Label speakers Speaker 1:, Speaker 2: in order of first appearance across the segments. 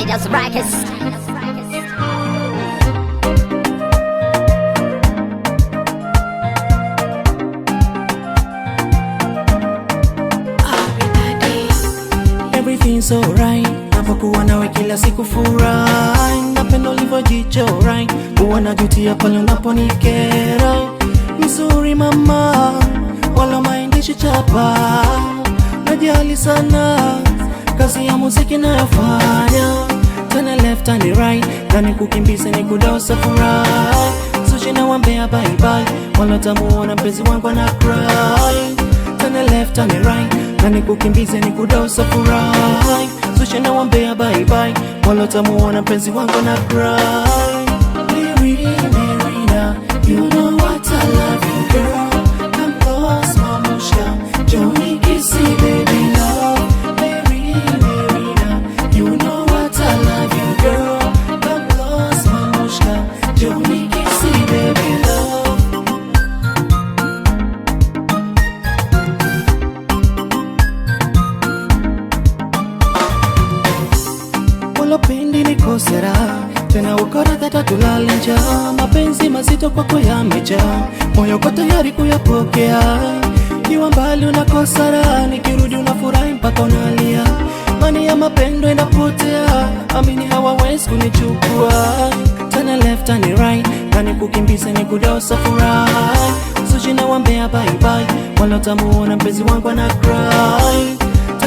Speaker 1: Spiders Ruckus. everything's alright. Napokuwa nawe kila siku furahi, napenda ulivyojichorai, huwa najutia pale unaponikera. Mzuri mama, wala maandishi chapa, najali sana kazi ya muziki nayofanya turn tana left and tana right, nani kukimbiza ni kudosa furaha Zuchu na wambea bye bye, wala tamuona mpenzi wangu ana cry turn Tana left and tana right, nani kukimbiza ni kudosa furaha sushi na wambea bye bye, wala tamuona mpenzi wangu ana cry
Speaker 2: Mary, Mary, now you know what I love you.
Speaker 1: walopendi ni kosera tena ukoradhata tulale njaa, mapenzi mazito kwa yamejaa, moyo kwa tayari kuyapokea. Kiwa mbali unakosara nikirudi unafurahi mpaka unalia. Mani ya mapendo inapotea, amini hawawezi kunichukua tena. Left and right kani kukimbiza ni kudosa furaha, sushi na wambea bye bye, walotamuona mpenzi wangu ana cry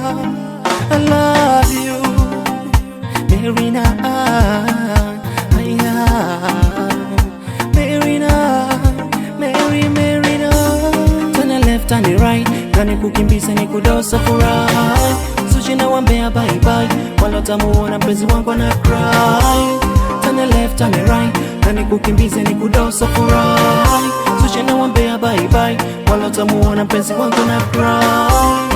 Speaker 1: I love you Marina Marina Mary Marina Turn left and right Gani kukimbiza ni kudosa furaha Sushi na wambea bye bye Wala tamuona mpenzi wangu ana cry Turn left and right Gani kukimbiza ni kudosa furaha Sushi na wambea bye bye Wala tamuona mpenzi wangu ana cry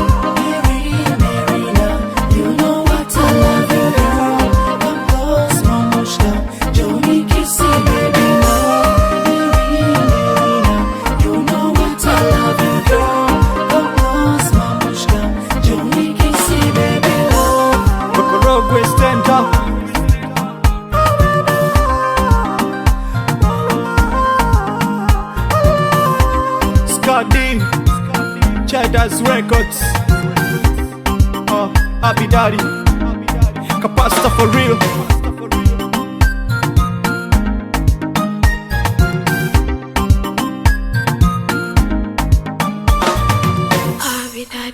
Speaker 3: Leaders Records. Uh, happy Daddy. Capacitor for real.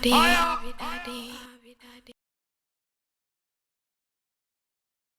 Speaker 3: Happy Daddy.